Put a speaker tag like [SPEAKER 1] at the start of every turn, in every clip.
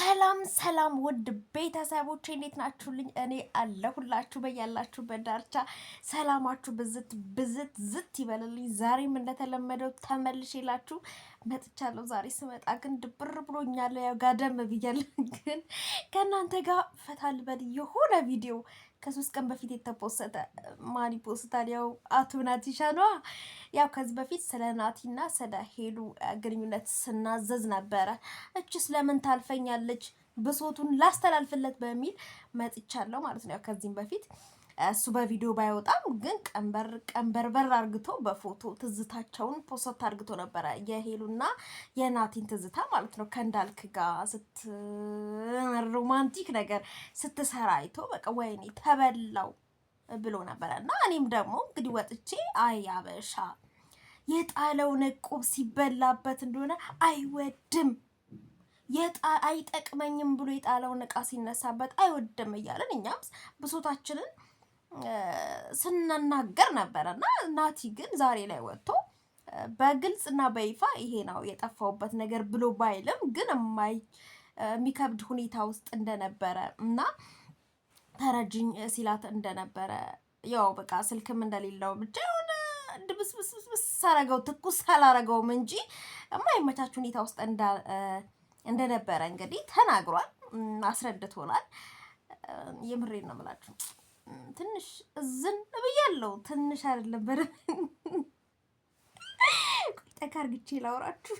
[SPEAKER 1] ሰላም ሰላም ውድ ቤተሰቦች እንዴት ናችሁልኝ? እኔ አለሁላችሁ በያላችሁበት ዳርቻ ሰላማችሁ ብዝት ብዝት ዝት ይበልልኝ። ዛሬም እንደተለመደው ተመልሼላችሁ መጥቻለሁ። ዛሬ ስመጣ ግን ድብር ብሎኛል። ያው ጋደም ብያለሁ፣ ግን ከእናንተ ጋር ፈታል በል የሆነ ቪዲዮ ከሶስት ቀን በፊት የተፖሰተ ማን ይፖስታል? ያው አቶ ናቲሻ ነዋ። ያው ከዚህ በፊት ስለ ናቲና ስለ ሄሉ ግንኙነት ስናዘዝ ነበረ። እች ስለምን ታልፈኛለች? ብሶቱን ላስተላልፍለት በሚል መጥቻለሁ ማለት ነው። ያው ከዚህም በፊት እሱ በቪዲዮ ባይወጣም ግን ቀንበር ቀንበርበር አርግቶ በፎቶ ትዝታቸውን ፖስት አርግቶ ነበረ። የሄሉና የናቲን ትዝታ ማለት ነው። ከእንዳልክ ጋር ስት ሮማንቲክ ነገር ስትሰራ አይቶ በቃ ወይኔ ተበላው ብሎ ነበረ እና እኔም ደግሞ እንግዲህ ወጥቼ አይ አበሻ የጣለውን ዕቁብ ሲበላበት እንደሆነ አይወድም አይጠቅመኝም ብሎ የጣለውን እቃ ሲነሳበት አይወድም እያለን እኛም ብሶታችንን ስንናገር ነበረ እና ናቲ ግን ዛሬ ላይ ወጥቶ በግልጽ እና በይፋ ይሄ ነው የጠፋውበት ነገር ብሎ ባይልም ግን የማይ የሚከብድ ሁኔታ ውስጥ እንደነበረ እና ተረጅኝ ሲላት እንደነበረ ያው በቃ ስልክም እንደሌለው ብቻ የሆነ ድብስብስብስ አረገው ትኩስ አላረገውም እንጂ የማይመቻች ሁኔታ ውስጥ እንደነበረ እንግዲህ ተናግሯል፣ አስረድቶናል። የምሬን ነው የምላችሁ። ትንሽ እዝን ብያለው። ትንሽ አይደለም በደምብ ቆይታ ካርግቼ ላውራችሁ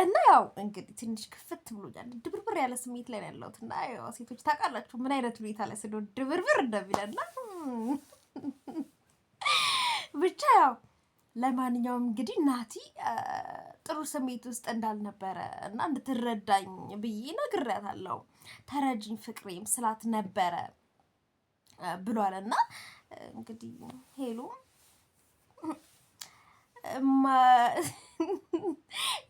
[SPEAKER 1] እና ያው እንግዲህ ትንሽ ክፍት ብሎኛል። ድብርብር ያለ ስሜት ላይ ነው ያለሁት እና ያው ሴቶች ታውቃላችሁ ምን አይነት ሁኔታ ላይ ስንሆን ድብርብር እንደሚለና ብቻ ያው ለማንኛውም እንግዲህ ናቲ ጥሩ ስሜት ውስጥ እንዳልነበረ እና እንድትረዳኝ ብዬ ነግሬያታለሁ። ተረጅኝ ፍቅሬም ስላት ነበረ ብሏል። እና እንግዲህ ሄሉ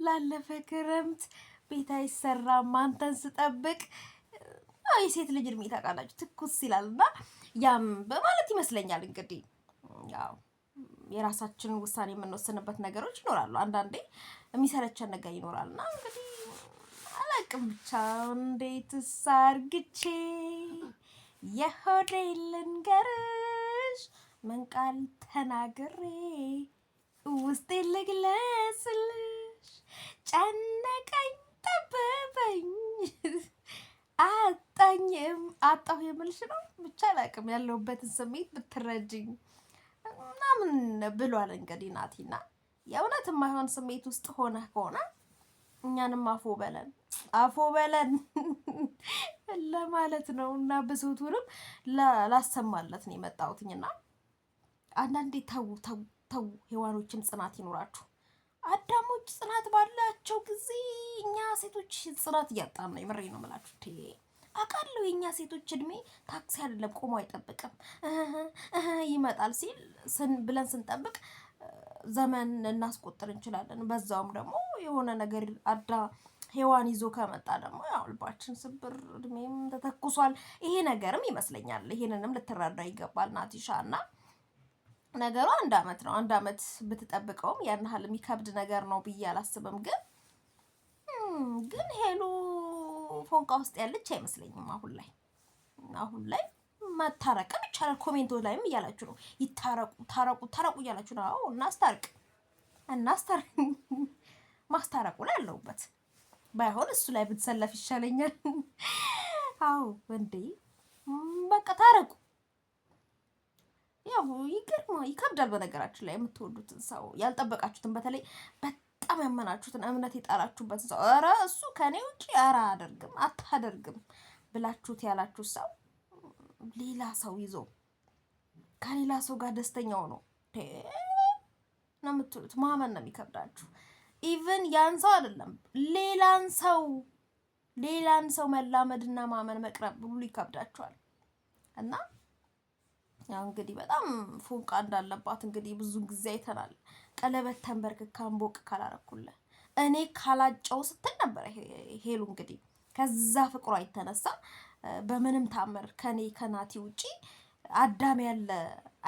[SPEAKER 1] ላለፈ ክረምት ቤት አይሰራም አንተን ስጠብቅ የሴት ልጅ እድሜ ታውቃላችሁ ትኩስ ይላል እና ያም በማለት ይመስለኛል እንግዲህ ያው የራሳችንን ውሳኔ የምንወስንበት ነገሮች ይኖራሉ። አንዳንዴ የሚሰለቸን ነገር ይኖራል እና እንግዲህ አላቅም ብቻ እንዴት ሳርግቼ የሆዴን ልንገርሽ ምን ቃል ተናግሬ ውስጤን ልግለጽልሽ ጨነቀኝ ጠበበኝ አጣኝም አጣሁ የምልሽ ነው ብቻ አላቅም ያለሁበትን ስሜት ብትረጅኝ ምናምን ብሏል። እንግዲህ ናቲና የእውነት የማይሆን ስሜት ውስጥ ሆነ ከሆነ እኛንም አፎ በለን አፎ በለን ለማለት ነው። እና ብሶቱንም ላሰማለት ነው የመጣሁትኝ። እና አንዳንዴ ተው ተው ተው፣ ሔዋኖችም ጽናት ይኖራችሁ። አዳሞች ጽናት ባላቸው ጊዜ እኛ ሴቶች ጽናት እያጣን ነው። የምሬ ነው የምላችሁ። አውቃለሁ የእኛ ሴቶች እድሜ ታክሲ አይደለም ቆሞ አይጠብቅም ይመጣል ሲል ብለን ስንጠብቅ ዘመን እናስቆጥር እንችላለን። በዛውም ደግሞ የሆነ ነገር አዳ ሔዋን ይዞ ከመጣ ደግሞ ያው ልባችን ስብር፣ እድሜም ተተኩሷል። ይሄ ነገርም ይመስለኛል። ይሄንንም ልትረዳ ይገባል ናቲሻ። እና ነገሩ አንድ አመት ነው። አንድ አመት ብትጠብቀውም ያን ያህል የሚከብድ ነገር ነው ብዬ አላስብም። ግን ግን ሄሉ ፎንቃ ውስጥ ያለች አይመስለኝም አሁን ላይ አሁን ላይ መታረቅም ይቻላል። ኮሜንቶ ላይም እያላችሁ ነው ይታረቁ፣ ታረቁ፣ ታረቁ እያላችሁ ነው። አዎ እናስታርቅ፣ እናስታርቅ ማስታረቁ ላይ አለሁበት። ባይሆን እሱ ላይ ብትሰለፍ ይሻለኛል። አዎ እንዴ በቃ ታረቁ። ያው ይገርማ ይከብዳል። በነገራችን ላይ የምትወዱትን ሰው ያልጠበቃችሁትን፣ በተለይ በጣም ያመናችሁትን እምነት የጣላችሁበትን ሰው ኧረ እሱ ከኔ ውጭ ኧረ አደርግም አታደርግም ብላችሁት ያላችሁ ሰው ሌላ ሰው ይዞ ከሌላ ሰው ጋር ደስተኛው ነው ነው የምትሉት። ማመን ነው የሚከብዳችሁ። ኢቭን ያን ሰው አይደለም ሌላን ሰው ሌላን ሰው መላመድና ማመን መቅረብ ሁሉ ይከብዳችኋል። እና ያው እንግዲህ በጣም ፉንቃ እንዳለባት እንግዲህ ብዙ ጊዜ አይተናል። ቀለበት ተንበርክ እምቦቅ ካላረኩለ እኔ ካላጨው ስትል ነበር ሄሉ እንግዲህ ከዛ ፍቅሯ የተነሳ በምንም ታምር ከኔ ከናቲ ውጪ አዳም ያለ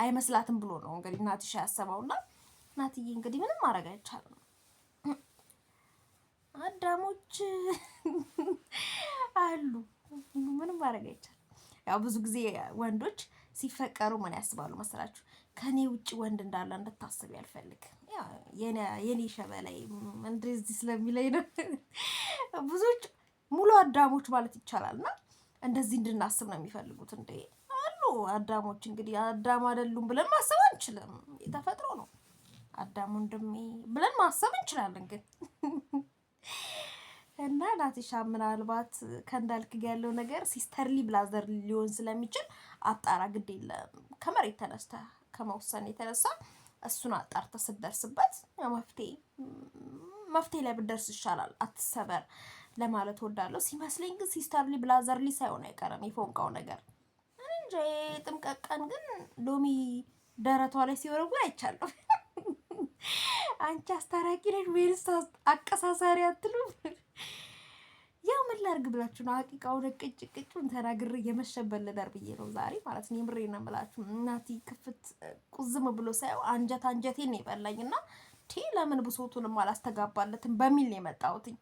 [SPEAKER 1] አይመስላትም ብሎ ነው እንግዲህ ናትሽ ያሰበውና ናትዬ እንግዲህ ምንም ማድረግ አይቻልም። አዳሞች አሉ፣ ምንም ማድረግ አይቻልም። ያው ብዙ ጊዜ ወንዶች ሲፈቀሩ ምን ያስባሉ መሰላችሁ? ከኔ ውጭ ወንድ እንዳለ እንድታስብ ያልፈልግ የኔ ሸበላይ እንደዚህ ስለሚለኝ ነው። ብዙዎች ሙሉ አዳሞች ማለት ይቻላል ይቻላልና እንደዚህ እንድናስብ ነው የሚፈልጉት። እንዴ አሉ አዳሞች እንግዲህ አዳም አይደሉም ብለን ማሰብ አንችልም። የተፈጥሮ ነው አዳም ወንድሜ ብለን ማሰብ እንችላለን ግን እና ናቲሻ ምናልባት ከእንዳልክ ጋር ያለው ነገር ሲስተርሊ ብላዘር ሊሆን ስለሚችል አጣራ ግድ የለም። ከመሬት ተነስተ ከመውሰን የተነሳ እሱን አጣርተ ስትደርስበት መፍትሄ መፍትሄ ላይ ብደርስ ይሻላል። አትሰበር ለማለት ወዳለው ሲመስለኝ ግን ሲስተርሊ ብላዘርሊ ሳይሆን አይቀርም የፎንቃው ነገር እንጂ ጥምቀት ቀን ግን ሎሚ ደረቷ ላይ ሲወረጉ አይቻለሁ። አንቺ አስታራቂ ነሽ ወይስ አቀሳሳሪ አትሉም? ያው ምን ላርግ ብላችሁ ነው አቂቃውን ቅጭ ቅጩን ተናግሬ የመሸበል ልደር ብዬ ነው ዛሬ ማለት ነው። የምሬ ነው የምላችሁ እናቴ ክፍት ቁዝም ብሎ ሳየው አንጀት አንጀቴን ነው የበላኝ እና ቴ ለምን ብሶቱንም አላስተጋባለትም በሚል ነው የመጣሁትኝ።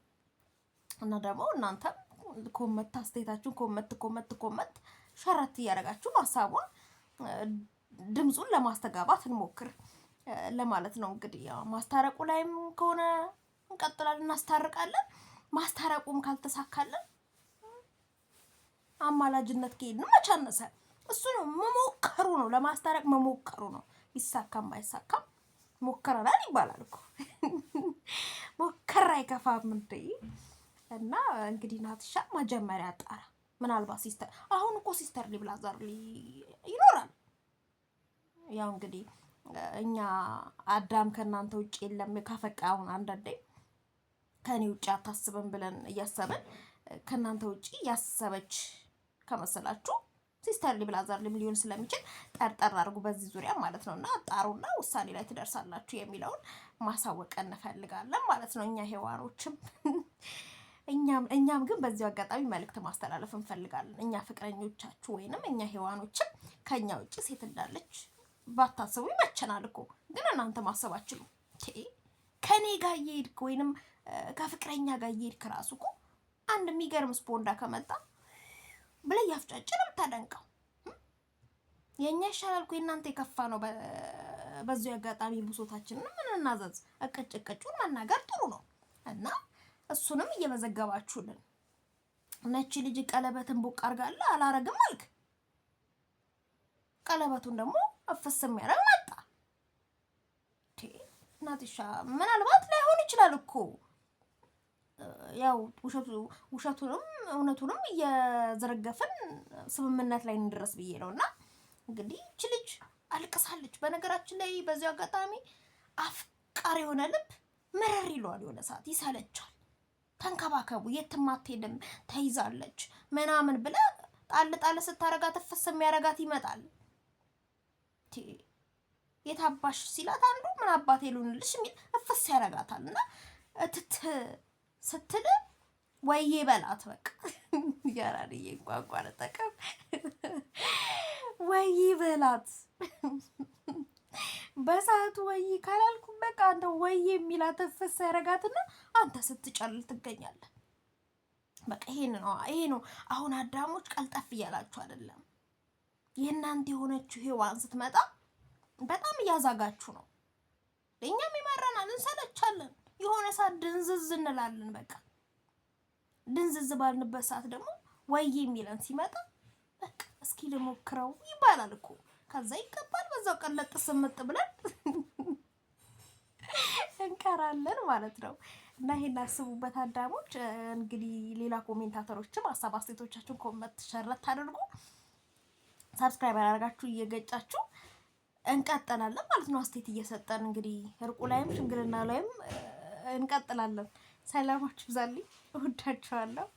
[SPEAKER 1] እና ደግሞ እናንተም ኮመት አስተያየታችሁን ኮመት ኮመት ኮመት ሸረት እያደረጋችሁ ሀሳቡን ድምፁን ለማስተጋባት እንሞክር ለማለት ነው። እንግዲህ ያው ማስታረቁ ላይም ከሆነ እንቀጥላለን፣ እናስታርቃለን። ማስታረቁም ካልተሳካለን አማላጅነት ከሄድን መቻነሰ እሱ ነው መሞከሩ ነው፣ ለማስታረቅ መሞከሩ ነው። ይሳካም አይሳካም ሞከረናል ይባላል እኮ ሞከራ አይከፋም እንዴ? እና እንግዲህ ናትሻ መጀመሪያ ጣራ ምናልባት ሲስተር አሁን እኮ ሲስተር ሊብላዘር ይኖራል። ያው እንግዲህ እኛ አዳም ከእናንተ ውጭ የለም ካፈቃ አሁን አንዳንዴ ከእኔ ውጭ አታስብም ብለን እያሰብን ከእናንተ ውጭ ያሰበች ከመሰላችሁ ሲስተር ሊብላዘር ሊሆን ስለሚችል ጠርጠር አድርጉ በዚህ ዙሪያ ማለት ነው። እና ጣሩና ውሳኔ ላይ ትደርሳላችሁ የሚለውን ማሳወቅ እንፈልጋለን ማለት ነው እኛ ሔዋኖችም እኛም እኛም ግን በዚሁ አጋጣሚ መልእክት ማስተላለፍ እንፈልጋለን። እኛ ፍቅረኞቻችሁ ወይንም እኛ ሔዋኖችን ከእኛ ውጭ ሴት እንዳለች ባታስቡ ይመቸናል እኮ ግን እናንተ ማሰባችሉ ከእኔ ጋር እየሄድክ ወይንም ከፍቅረኛ ጋር እየሄድክ ራሱ እኮ አንድ የሚገርም ስፖንዳ ከመጣ ብለህ ያፍጫጭን ብታደንቀው የእኛ ይሻላል እኮ የእናንተ የከፋ ነው። በዚሁ አጋጣሚ ብሶታችንን ምን እናዘዝ፣ እቅጭ እቅጩን መናገር ጥሩ ነው እና እሱንም እየመዘገባችሁልን ነች። ልጅ ቀለበትን ቡቅ አርጋለ አላረግም አልክ። ቀለበቱን ደግሞ እፍስ የሚያደርግ መጣ። እናትሻ ምናልባት ላይሆን ይችላል እኮ ያው ውሸቱንም እውነቱንም እየዘረገፍን ስምምነት ላይ እንድረስ ብዬ ነው። እና እንግዲህ ይቺ ልጅ አልቅሳለች። በነገራችን ላይ በዚሁ አጋጣሚ አፍቃሪ የሆነ ልብ መረር ይለዋል፣ የሆነ ሰዓት ይሰለቻል። ተንከባከቡ፣ የትም አትሄድም፣ ተይዛለች ምናምን ብለ ጣል ጣል ስታረጋት እፍስ የሚያረጋት ይመጣል። የታባሽ ሲላት አንዱ ምን አባቴ ልሆንልሽ የሚል እፍስ ያረጋታል። እና እትት ስትል ወይዬ በላት በቃ ያራን እየንቋንቋ ነጠቀም ወይዬ በላት በሰዓቱ ወይ ካላልኩ በቃ እንደ ወይ የሚል አተፈሳ ያረጋትና አንተ ስትጫልል ትገኛለህ። በቃ ይሄን ነው ይሄ ነው። አሁን አዳሞች ቀልጠፍ እያላችሁ አይደለም። የእናንተ የሆነችው ሔዋን ስትመጣ በጣም እያዛጋችሁ ነው። እኛም ይመራናል፣ እንሰለቻለን። የሆነ ሰዓት ድንዝዝ እንላለን። በቃ ድንዝዝ ባልንበት ሰዓት ደግሞ ወይ የሚለን ሲመጣ በቃ እስኪ ልሞክረው ይባላል እኮ ከዛ ይቀባል በዛው ቀን ለጥስ ምጥ ብለን እንቀራለን ማለት ነው። እና ይሄን አስቡበት አዳሞች። እንግዲህ ሌላ ኮሜንታተሮችም ሀሳብ አስተያየቶቻችሁን ኮመንት ሸረት አድርጉ። ሰብስክራይብ ያደርጋችሁ እየገጫችሁ እንቀጥላለን ማለት ነው። አስተያየት እየሰጠን እንግዲህ እርቁ ላይም ሽንግልና ላይም እንቀጥላለን። ሰላማችሁ ብዛልኝ። እወዳችኋለሁ።